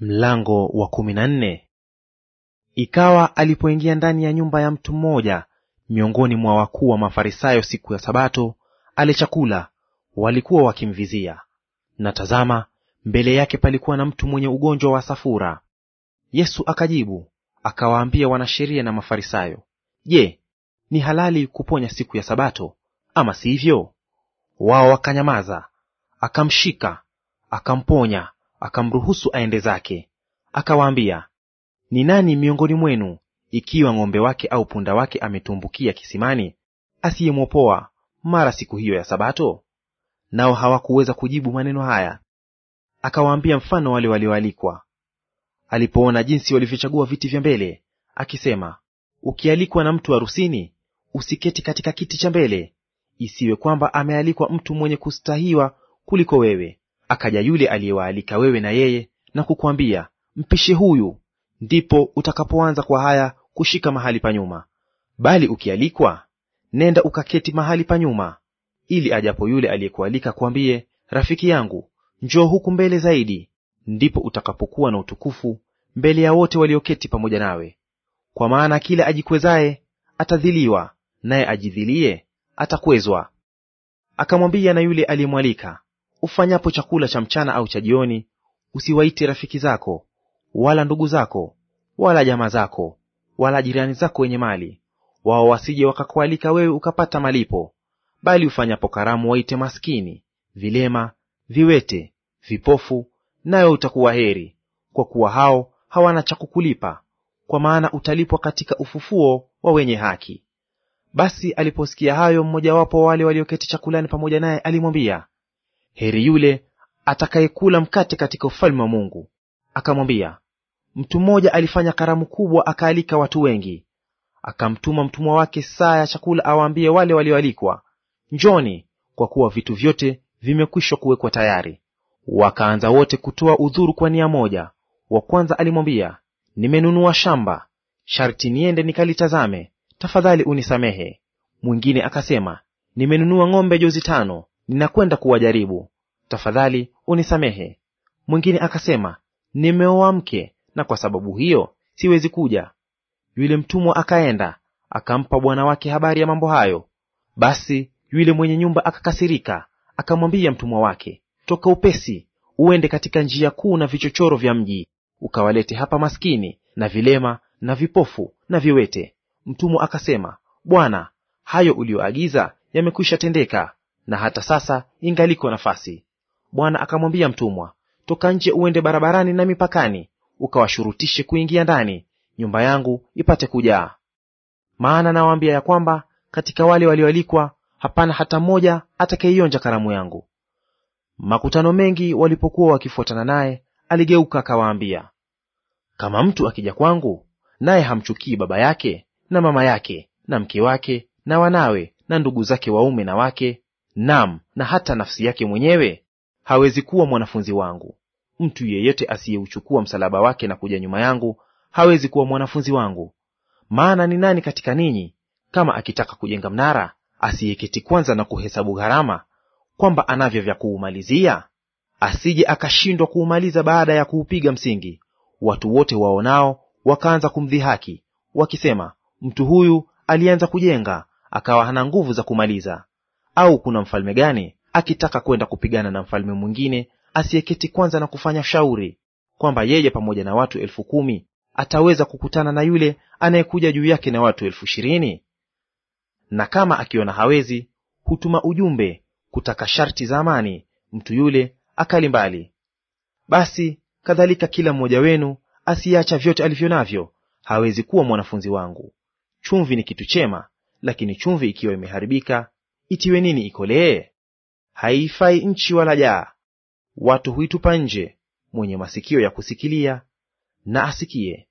Mlango wa kumi na nne. Ikawa alipoingia ndani ya nyumba ya mtu mmoja miongoni mwa wakuu wa Mafarisayo siku ya Sabato, ale chakula, walikuwa wakimvizia. Na tazama, mbele yake palikuwa na mtu mwenye ugonjwa wa safura. Yesu akajibu akawaambia wanasheria na Mafarisayo, Je, ni halali kuponya siku ya Sabato ama si Wao wakanyamaza. Akamshika akamponya akamruhusu aende zake. Akawaambia, ni nani miongoni mwenu ikiwa ng'ombe wake au punda wake ametumbukia kisimani, asiyemwopoa mara siku hiyo ya Sabato? Nao hawakuweza kujibu maneno haya. Akawaambia mfano wale walioalikwa. Alipoona jinsi walivyochagua viti vya mbele, akisema, ukialikwa na mtu harusini, usiketi katika kiti cha mbele, isiwe kwamba amealikwa mtu mwenye kustahiwa kuliko wewe, akaja yule aliyewaalika wewe na yeye na kukwambia mpishe huyu, ndipo utakapoanza kwa haya kushika mahali pa nyuma. Bali ukialikwa, nenda ukaketi mahali pa nyuma, ili ajapo yule aliyekualika kuambie, rafiki yangu, njoo huku mbele zaidi, ndipo utakapokuwa na utukufu mbele ya wote walioketi pamoja nawe. Kwa maana kila ajikwezaye atadhiliwa, naye ajidhilie atakwezwa. Akamwambia na yule aliyemwalika, Ufanyapo chakula cha mchana au cha jioni, usiwaite rafiki zako wala ndugu zako wala jamaa zako wala jirani zako wenye mali, wao wasije wakakualika wewe ukapata malipo. Bali ufanyapo karamu waite maskini, vilema, viwete, vipofu, nayo utakuwa heri, kwa kuwa hao hawana cha kukulipa, kwa maana utalipwa katika ufufuo wa wenye haki. Basi aliposikia hayo, mmojawapo wa wale walioketi chakulani pamoja naye alimwambia, heri yule atakayekula mkate katika ufalme wa Mungu. Akamwambia, mtu mmoja alifanya karamu kubwa, akaalika watu wengi. Akamtuma mtumwa wake saa ya chakula, awaambie wale walioalikwa, njoni, kwa kuwa vitu vyote vimekwishwa kuwekwa tayari. Wakaanza wote kutoa udhuru kwa nia moja. Wa kwanza alimwambia, nimenunua shamba, sharti niende nikalitazame, tafadhali unisamehe. Mwingine akasema, nimenunua ng'ombe jozi tano, ninakwenda kuwajaribu, tafadhali unisamehe. Mwingine akasema, nimeoa mke na kwa sababu hiyo siwezi kuja. Yule mtumwa akaenda akampa bwana wake habari ya mambo hayo. Basi yule mwenye nyumba akakasirika, akamwambia mtumwa wake, toka upesi uende katika njia kuu na vichochoro vya mji, ukawalete hapa maskini na vilema na vipofu na viwete. Mtumwa akasema, Bwana, hayo uliyoagiza yamekwisha tendeka, na hata sasa ingaliko nafasi. Bwana akamwambia mtumwa, toka nje uende barabarani na mipakani, ukawashurutishe kuingia ndani, nyumba yangu ipate kujaa. Maana nawaambia ya kwamba katika wale walioalikwa hapana hata mmoja atakayeionja karamu yangu. Makutano mengi walipokuwa wakifuatana naye, aligeuka akawaambia, kama mtu akija kwangu naye hamchukii baba yake na mama yake na mke wake na wanawe na ndugu zake waume na wake Naam, na hata nafsi yake mwenyewe hawezi kuwa mwanafunzi wangu. Mtu yeyote asiyeuchukua msalaba wake na kuja nyuma yangu hawezi kuwa mwanafunzi wangu. Maana ni nani katika ninyi kama akitaka kujenga mnara, asiyeketi kwanza na kuhesabu gharama, kwamba anavyo vya kuumalizia, asije akashindwa kuumaliza baada ya kuupiga msingi? Watu wote waonao wakaanza kumdhihaki wakisema, mtu huyu alianza kujenga, akawa hana nguvu za kumaliza. Au kuna mfalme gani akitaka kwenda kupigana na mfalme mwingine asiyeketi kwanza na kufanya shauri, kwamba yeye pamoja na watu elfu kumi ataweza kukutana na yule anayekuja juu yake na watu elfu ishirini? Na kama akiona hawezi, hutuma ujumbe kutaka sharti za amani, mtu yule akali mbali. Basi kadhalika kila mmoja wenu asiyeacha vyote alivyo navyo, hawezi kuwa mwanafunzi wangu. Chumvi ni kitu chema, lakini chumvi ikiwa imeharibika itiwe nini ikolee? Haifai nchi wala jaa, watu huitupa nje. Mwenye masikio ya kusikilia na asikie.